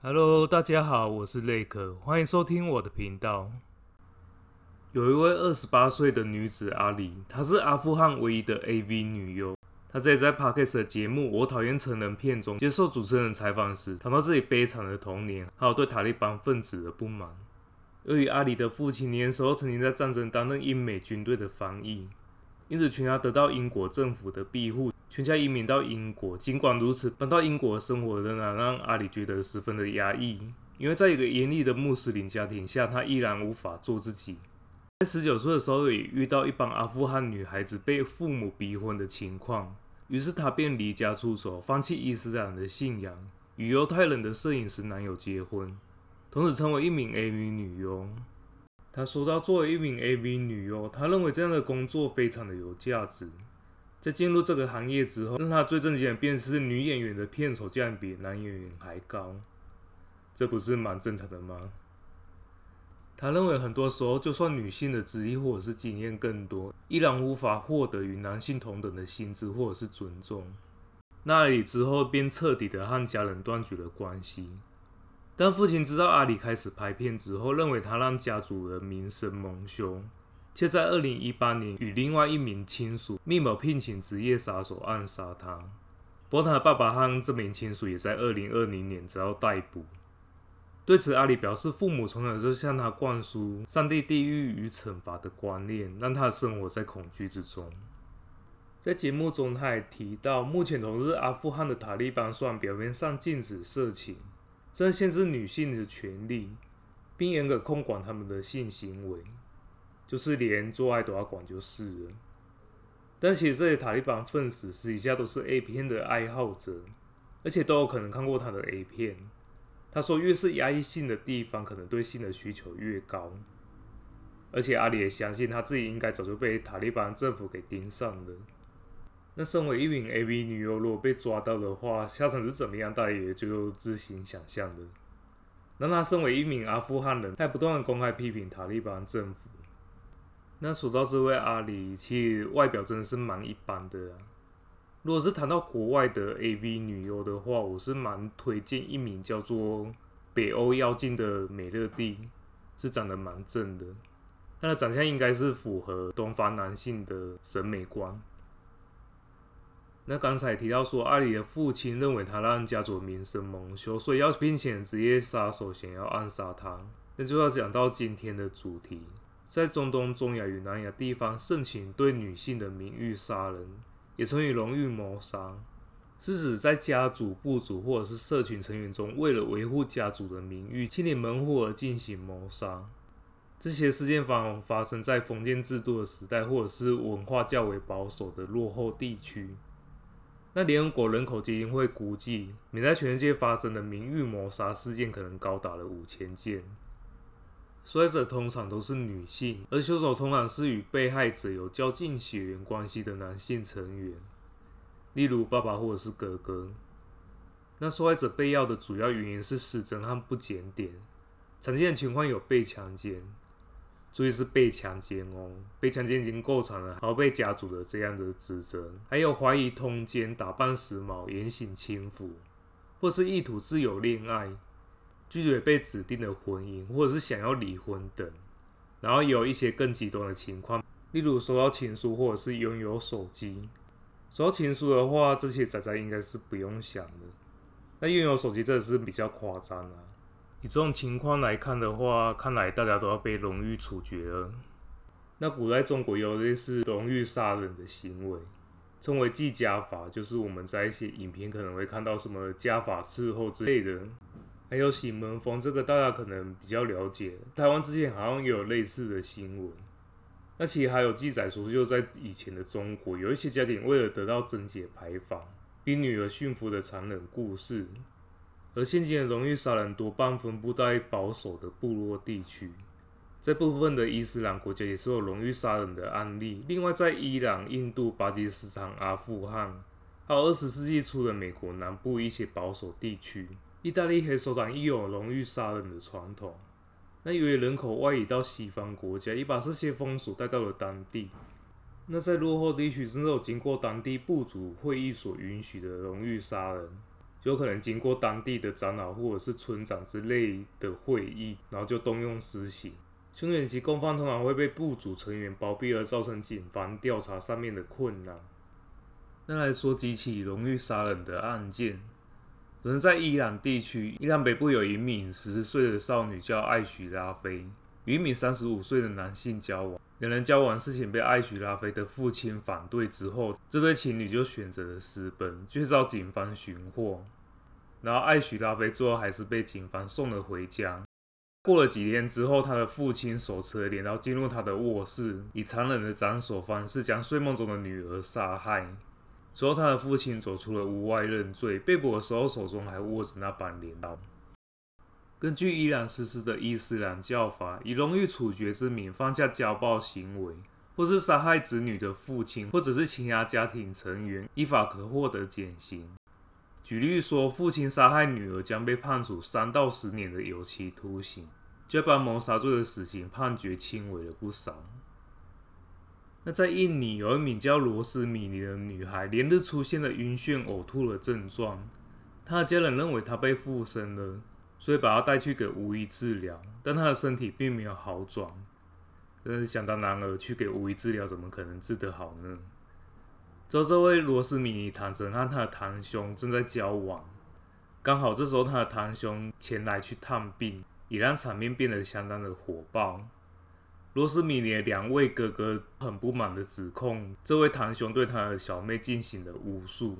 Hello，大家好，我是 Lake，歡迎收聽我的頻道。有一位二十八歲的女子阿里，她是阿富汗唯一的 AV 女優。她在這在 Pakes 的節目《我討厭成人片》中接受主持人採訪時，談到自己悲慘的童年，還有對塔利班分子的不滿。由於阿里的父親年少曾經在戰爭擔任英美軍隊的翻譯。因此，全家得到英國政府的庇護，全家移民到英國。儘管如此，搬到英國生活仍然讓阿里覺得十分的壓抑，因為在一個嚴厲的穆斯林家庭下，他依然無法做自己。在十九歲的時候，也遇到一幫阿富汗女孩子被父母逼婚的情況，於是他便離家出走，放棄伊斯蘭的信仰，與猶太人的攝影師男友結婚，同時成為一名 AV 女優。他說到，作為一名 AV 女優，他認為這樣的工作非常的有價值。在進入這個行業之後，讓他最震驚的便是女演員的片酬竟然比男演員還高，這不是蠻正常的嗎？他認為很多時候，就算女性的資歷或者是經驗更多，依然無法獲得與男性同等的薪資或者是尊重。那裡之後便徹底的和家人斷絕了關係。當父親知道阿里開始拍片之後，認為他讓家族的名聲蒙羞，卻在二零一八年與另外一名親屬密謀聘請職業殺手暗殺他。不過他的爸爸和這名親屬也在二零二零年遭到逮捕。對此，阿里表示，父母從小就向他灌輸上帝、地獄與懲罰的觀念，讓他的生活在恐懼之中。在節目中，他還提到，目前統治阿富汗的塔利班雖然表面上禁止色情。甚至限制女性的權利，並嚴格控管她們的性行為，就是連做愛都要管就是了。但其實這些塔利班分子，私底下都是 A 片的愛好者，而且都有可能看過他的 A 片。他說，越是壓抑性的地方，可能對性的需求越高。而且阿里也相信，他自己應該早就被塔利班政府給盯上了。那身為一名 AV 女優，如果被抓到的話，下場是怎麼樣，大家也就自行想象的。那他身為一名阿富汗人，他不斷公開批評塔利班政府。那說到這位阿里，其實外表真的是蠻一般的啊。如果是談到國外的 AV 女優的話，我是蠻推薦一名叫做北歐妖精的美樂蒂，是長得蠻正的，她的長相應該是符合東方男性的審美觀。那剛才提到說，阿里的父親認為他讓家族的名聲蒙羞，所以要聘請職業殺手想要暗殺他。那就要講到今天的主題，在中東、中亞與南亞地方盛行對女性的名譽殺人，也稱為榮譽謀殺，是指在家族、部族或者是社群成員中，為了維護家族的名譽、清理門戶而進行謀殺。這些事件往往發生在封建制度的時代，或者是文化較為保守的落後地區。那聯合國人口基金會估計，每年在全世界發生的名譽謀殺事件可能高達了五千件。受害者通常都是女性，而兇手通常是與被害者有較近血緣關係的男性成員，例如爸爸或者是哥哥。那受害者被藥的主要原因是失貞和不檢點，常見的情況有被強姦。注意是被強姦哦，被強姦已經夠慘了，還要被家族的這樣的指責，還有懷疑通奸、打扮時髦、言行輕浮，或者是意圖自由戀愛、拒絕被指定的婚姻，或者是想要離婚等，然後有一些更極端的情況，例如收到情書或者是擁有手機。收到情書的話，這些宅宅應該是不用想的。那擁有手機真的是比較誇張啊。以這種情況來看的話，看來大家都要被榮譽處決了。那古代中國也有類似榮譽殺人的行為，稱為“計家法”，就是我們在一些影片可能會看到什麼家法伺候之類的。還有洗門風，這個大家可能比較了解。台灣之前好像也有類似的新聞。那其實還有記載說，就是在以前的中國，有一些家庭為了得到貞潔牌坊，逼女兒殉夫的殘忍故事。而現今的榮譽殺人多半分布在保守的部落地區，在部分的伊斯蘭國家也是有榮譽殺人的案例。另外，在伊朗、印度、巴基斯坦、阿富汗，還有二十世紀初的美國南部一些保守地區，意大利黑手黨也有榮譽殺人的傳統。那由於人口外移到西方國家，也把這些風俗帶到了當地。那在落後地區，只有經過當地部族會議所允許的榮譽殺人。有可能經過當地的長老或者是村長之類的會議，然後就動用私刑。兇殺及共犯通常會被部族成員包庇，而造成警方調查上面的困難。那來說幾起榮譽殺人的案件。人在伊朗地區，伊朗北部有一名十歲的少女叫艾許拉菲，與一名三十五歲的男性交往。兩人交往事情被艾許拉菲的父親反對之後，這對情侶就選擇了私奔，卻遭警方尋獲。然後艾許拉菲最後還是被警方送了回家。過了幾天之後，他的父親手持鐮刀進入他的臥室，以殘忍的斬首方式將睡夢中的女兒殺害。之後，他的父親走出了屋外認罪，被捕的時候手中還握着那把鐮刀。根據伊朗實施的伊斯蘭教法，以榮譽處決之名，犯下家暴行為，或是殺害子女的父親，或者是其他家庭成員，依法可獲得減刑。舉例說，父親殺害女兒將被判處三到十年的有期徒刑，這把謀殺罪的死刑判決輕微了不少。那在印尼，有一名叫羅斯米尼的女孩，連日出現了暈眩、呃、嘔吐的症狀，她的家人認為她被附身了。所以把他帶去給巫醫治療，但他的身體並沒有好轉。但是想當然耳去給巫醫治療，怎麼可能治得好呢？之後這位羅斯米尼堂神和他的堂兄正在交往，剛好這時候他的堂兄前來去探病，也讓場面變得相當的火爆。羅斯米尼的兩位哥哥很不滿的指控這位堂兄對他的小妹進行了巫術。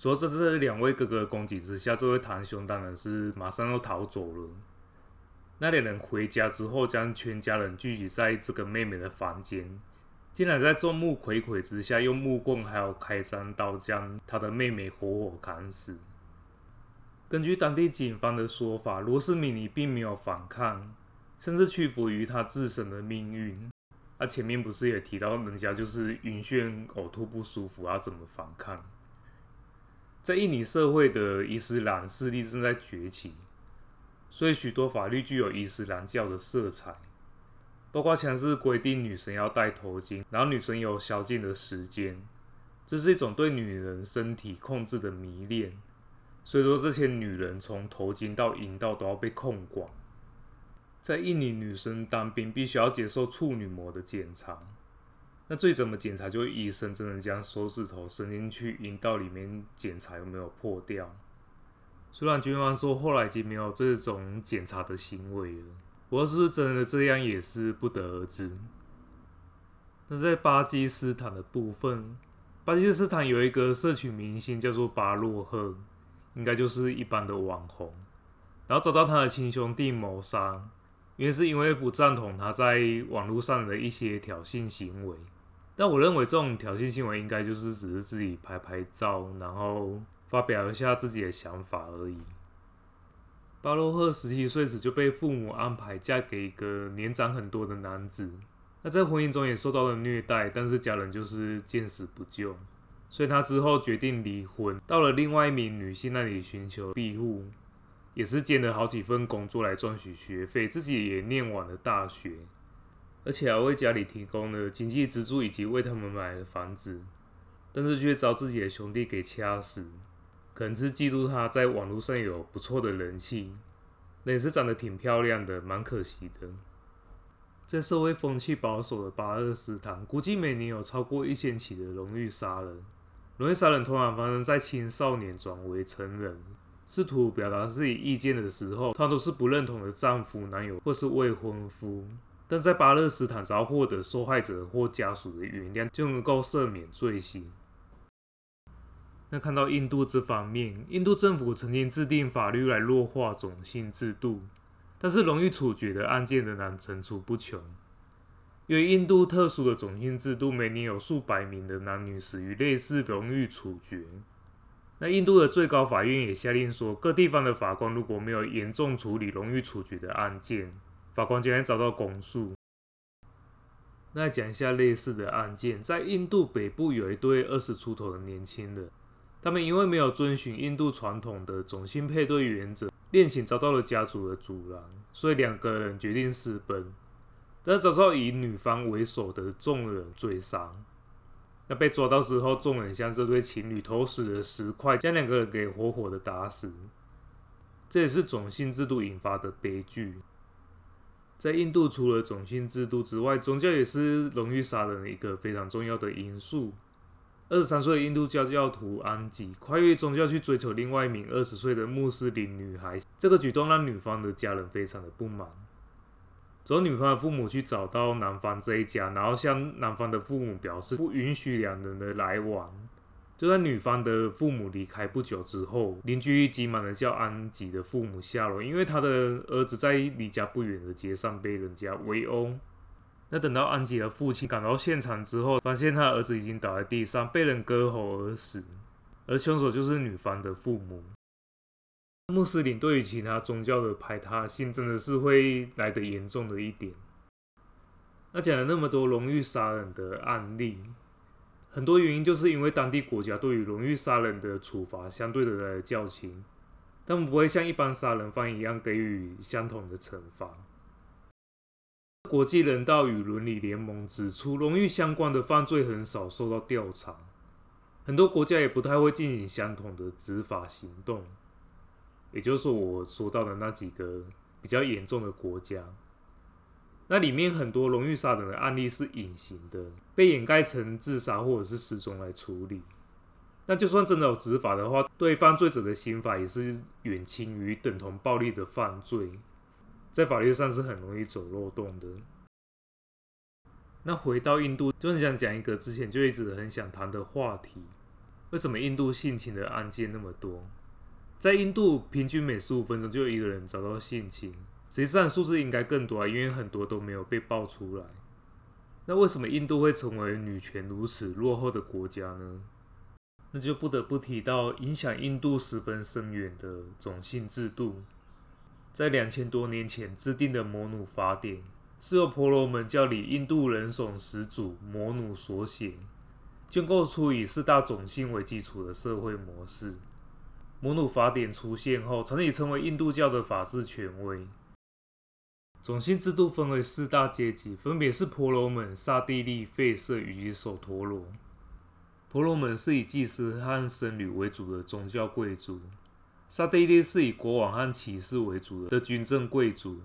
說在這兩位哥哥的攻擊之下，這位堂兄當然是馬上要逃走了。那兩人回家之後，將全家人聚集在這個妹妹的房間，竟然在眾目睽睽之下，用木棍還有開山刀將他的妹妹活活砍死。根據當地警方的說法，羅斯米尼並沒有反抗，甚至屈服於他自身的命運。那、啊、前面不是也提到，人家就是暈眩、嘔、呃、吐、不舒服啊，怎麼反抗？在印尼社會的伊斯蘭勢力正在崛起，所以許多法律具有伊斯蘭教的色彩，包括強制規定女生要戴頭巾，然後女生有宵禁的時間，這是一種對女人身體控制的迷戀。所以說，這些女人從頭巾到陰道都要被控管。在印尼，女生當兵必須要接受處女膜的檢查。那最怎麼檢查？就醫生真的將手指頭伸進去，陰道裡面檢查有沒有破掉。雖然軍方說後來已經沒有這種檢查的行為了，不過是不是真的這樣，也是不得而知。那在巴基斯坦的部分，巴基斯坦有一個社群明星叫做巴洛赫，應該就是一般的網紅，然後找到他的親兄弟謀殺，原因是因為不贊同他在網絡上的一些挑釁行為。但我認為這種挑釁行為應該就是只是自己拍拍照，然後發表一下自己的想法而已。巴洛赫十七歲時就被父母安排嫁給一個年長很多的男子，他在婚姻中也受到了虐待，但是家人就是見死不救，所以他之後決定離婚，到了另外一名女性那裡尋求庇護，也是兼了好幾份工作來賺取學費，自己也念完了大學。而且還為家裡提供了經濟支柱，以及為他們買了房子，但是卻遭自己的兄弟給掐死，可能是嫉妒他在網絡上有不錯的人氣，那也是長得挺漂亮的，蠻可惜的。在社會風氣保守的巴勒斯坦，估計每年有超過一千起的榮譽殺人，榮譽殺人通常發生在青少年轉為成人，試圖表達自己意見的時候，他都是不認同的丈夫、男友或是未婚夫。但在巴勒斯坦，只要獲得受害者或家屬的原諒，就能夠赦免罪行。那看到印度這方面，印度政府曾經制定法律來弱化種姓制度，但是榮譽處決的案件仍然層出不窮。因為印度特殊的種姓制度，每年有數百名的男女死於類似榮譽處決。那印度的最高法院也下令說，各地方的法官如果沒有嚴重處理榮譽處決的案件。法官居然找到公訴。那講一下類似的案件，在印度北部有一對二十出頭的年輕人，他們因為沒有遵循印度傳統的種姓配對原則，戀情遭到了家族的阻攔，所以兩個人決定私奔，但遭到以女方為首的眾人追殺。那被抓到之後，眾人向這對情侶投擲了石塊，將兩個人給活活的打死。這也是種姓制度引發的悲劇。在印度，除了種姓制度之外，宗教也是榮譽殺人的一個非常重要的因素。二十三歲的印度教教徒安吉跨越宗教去追求另外一名二十歲的穆斯林女孩，這個舉動讓女方的家人非常的不滿。走，女方的父母去找到男方這一家，然後向男方的父母表示不允許兩人的來往。就在女方的父母離開不久之後，鄰居急忙的叫安吉的父母下樓，因為他的兒子在離家不遠的街上被人家圍毆。那等到安吉的父親趕到現場之後，發現他的兒子已經倒在地上，被人割喉而死，而凶手就是女方的父母。穆斯林對於其他宗教的排他性真的是會來得嚴重的一點。那講了那麼多榮譽殺人的案例。很多原因就是因為當地國家對於榮譽殺人的處罰相對的較輕，他們不會像一般殺人犯一樣給予相同的懲罰。國際人道與倫理聯盟指出，榮譽相關的犯罪很少受到調查，很多國家也不太會進行相同的執法行動，也就是我說到的那幾個比較嚴重的國家。那裡面很多榮譽殺人的案例是隱形的，被掩蓋成自殺或者，是失蹤來處理。那就算真的有執法的話，對犯罪者的刑罰也是遠輕於等同暴力的犯罪，在法律上是很容易走漏洞的。那回到印度，就很想講一個之前就一直很想談的話題：為什麼印度性侵的案件那麼多？在印度，平均每十五分鐘就有一個人遭到性侵。實際上數字應該更多，因為很多都沒有被爆出來。那為什麼印度會成為女權如此落後的國家呢？那就不得不提到影響印度十分深遠的種姓制度。在兩千多年前制定的《摩奴法典》是由婆羅門教裡印度人種始祖摩奴所寫，建構出以四大種姓為基礎的社會模式。《摩奴法典》出現後，曾經成為印度教的法治權威。種姓制度分為四大階級，分別是婆羅門、剎帝利、吠舍以及首陀羅。婆羅門是以祭司和僧侶為主的宗教貴族，剎帝利是以國王和騎士為主的軍政貴族，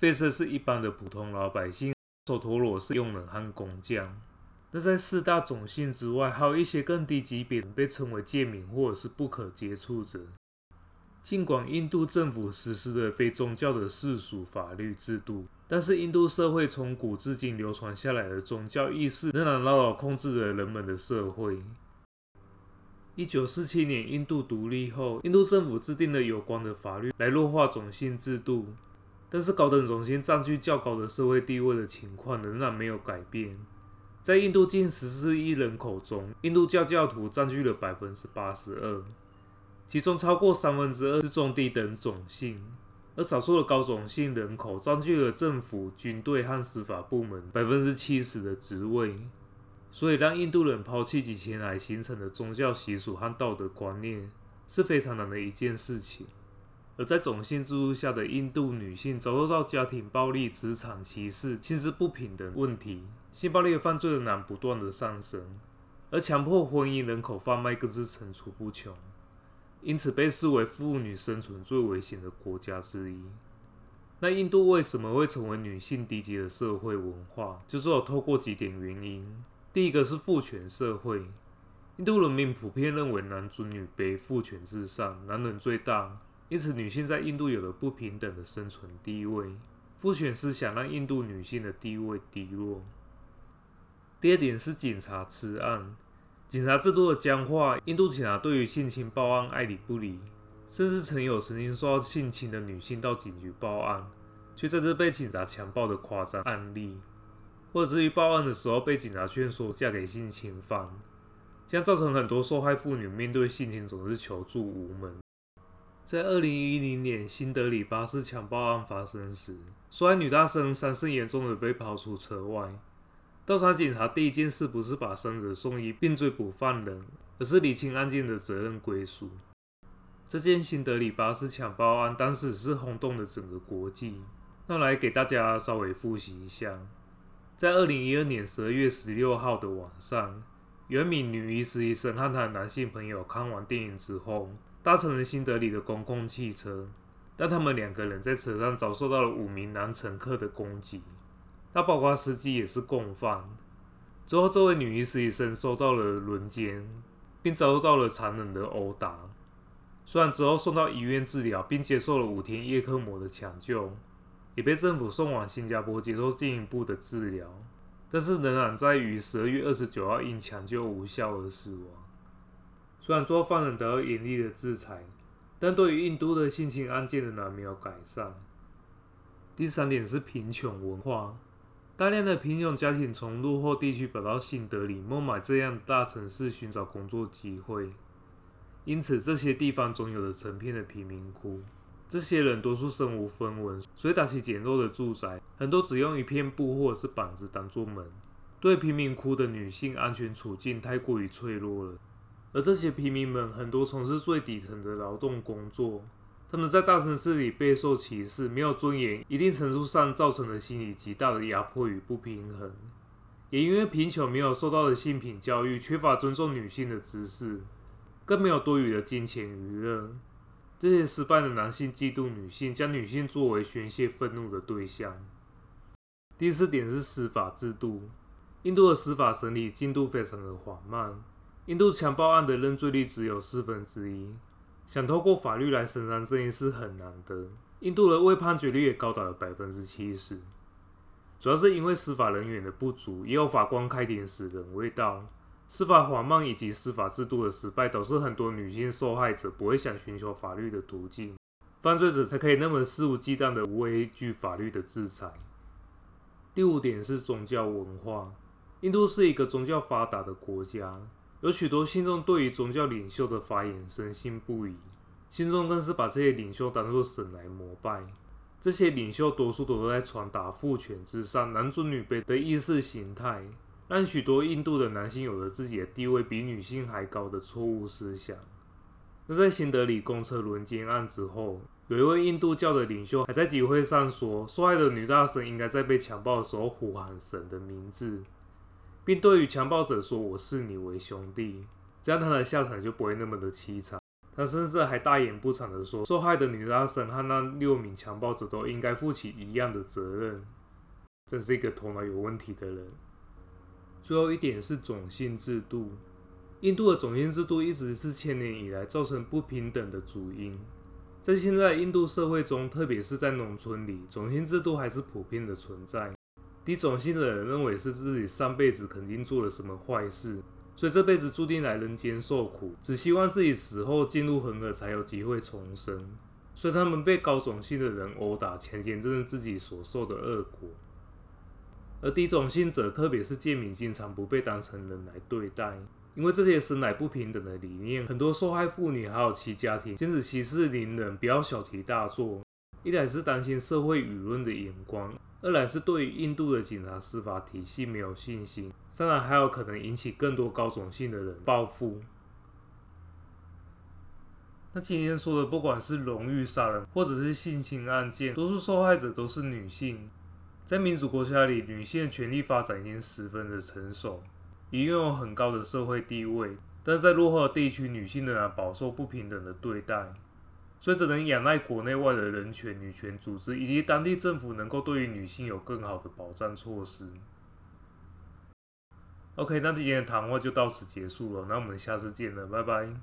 吠舍是一般的普通老百姓，首陀羅是用人和工匠。那在四大種姓之外，還有一些更低級別的，被稱為賤民或者是不可接觸者。儘管印度政府實施了非宗教的世俗法律制度，但是印度社會從古至今流傳下來的宗教意識仍然牢牢控制着人們的社會。一九四七年印度獨立後，印度政府制定了有關的法律來弱化種姓制度，但是高等種姓占據較高的社會地位的情況仍然沒有改變。在印度近十四億人口中，印度教教徒占據了百分之八十二。其中超過三分之二是中低等種姓，而少數的高種姓人口佔據了政府、軍隊和司法部門百分之七十的職位。所以，讓印度人拋棄幾千年來形成的宗教習俗和道德觀念是非常難的一件事情。而在種姓制度下的印度女性遭受到家庭暴力、職場歧視、薪資不平等問題、性暴力的犯罪率不斷的上升，而強迫婚姻、人口販賣更是層出不窮。因此被視為婦女生存最危險的國家之一。那印度為什麼會成為女性低級的社會文化？就是我透過幾點原因。第一個是父權社會，印度人民普遍認為男尊女卑，父權至上，男人最大，因此女性在印度有了不平等的生存地位。父權思想讓印度女性的地位低落。第二點是警察吃案。警察制度的僵化，印度警察對於性侵報案愛理不理，甚至曾有曾經受到性侵的女性到警局報案，卻在這被警察強暴的誇張案例，或者至於報案的時候被警察勸說嫁給性侵犯，這樣造成很多受害婦女面對性侵總是求助無門。在二零一零年新德裡巴士強暴案發生時，受害女大生傷勢嚴重的被拋出車外。調查警察第一件事不是把傷者送醫並追捕犯人，而是理清案件的責任歸屬。這件新德里巴士搶包案當時是轟動了整個國際。那我來給大家稍微複習一下：在二零一二年十二月十六號的晚上，原名女醫師醫生和她的男性朋友看完電影之後，搭乘了新德里的公共汽車，但他們兩個人在車上遭受到了五名男乘客的攻擊。那包括司機也是共犯。之後，這位女醫師實習生受到了輪姦，並遭到了殘忍的毆打。雖然之後送到醫院治療，並接受了五天葉克膜的搶救，也被政府送往新加坡接受進一步的治療，但是仍然在於十二月二十九號因搶救無效而死亡。雖然做犯人得到嚴厲的制裁，但對於印度的性侵案件仍然沒有改善。第三點是貧窮文化。大量的貧窮家庭從落後地區跑到新德里、孟買這樣的大城市尋找工作機會，因此這些地方總有着成片的貧民窟。這些人多數身無分文，所以搭起簡陋的住宅，很多只用一片布或者是板子當做門。對貧民窟的女性安全處境太過於脆弱了，而這些貧民們很多從事最底層的勞動工作。他們在大城市裡備受歧視，沒有尊嚴，一定程度上造成了心理極大的壓迫與不平衡。也因為貧窮，沒有受到的性平教育，缺乏尊重女性的知識，更沒有多餘的金錢娛樂，這些失敗的男性嫉妒女性，將女性作為宣洩憤怒的對象。第四點是司法制度，印度的司法審理進度非常的緩慢，印度強暴案的認罪率只有四分之一。想透過法律來伸張正義是很難的，印度的未判決率也高達了百分之七十，主要是因為司法人員的不足，也有法官開庭時人未到，司法緩慢以及司法制度的失敗，導致很多女性受害者不會想尋求法律的途徑，犯罪者才可以那麼肆無忌憚的畏懼法律的制裁。第五點是宗教文化，印度是一個宗教發達的國家。有許多信眾對於宗教領袖的發言深信不疑，信眾更是把這些領袖當作神來膜拜。這些領袖多數都在傳達父權至上、男尊女卑的意識形態，讓許多印度的男性有了自己的地位比女性還高的錯誤思想。那在新德裡公車輪奸案之後，有一位印度教的領袖還在集會上說，受害的女大生應該在被強暴的時候呼喊神的名字。並對於強暴者說：“我視你為兄弟”，這樣他的下場就不會那麼的淒慘。他甚至還大言不慚地說：“受害的女拉神和那六名強暴者都應該負起一樣的責任。”真是一個頭腦有問題的人。最後一點是種姓制度。印度的種姓制度一直是千年以來造成不平等的主因。在現在印度社會中，特別是在農村裡，種姓制度還是普遍的存在。低種姓的人認為是自己上輩子肯定做了什麼壞事，所以這輩子注定來人間受苦，只希望自己死後進入恆河才有機會重生。所以他們被高種姓的人毆打，強姦正是自己所受的惡果。而低種姓者，特別是賤民，經常不被當成人來對待，因為這些生來不平等的理念。很多受害婦女還有其家庭，甚至息事寧人，不要小題大做，一來是擔心社會輿論的眼光。二來是對於印度的警察司法體系沒有信心，三來還有可能引起更多高種姓的人報復。那今天說的不管是榮譽殺人或者是性侵案件，多數受害者都是女性。在民主國家裡，女性的權利發展已經十分的成熟，已擁有很高的社會地位，但在落後的地區，女性仍然飽受不平等的對待。所以只能仰賴國內外的人權、女權組織以及當地政府，能夠對於女性有更好的保障措施。OK，那今天的談話就到此結束了。那我們下次見了，拜拜。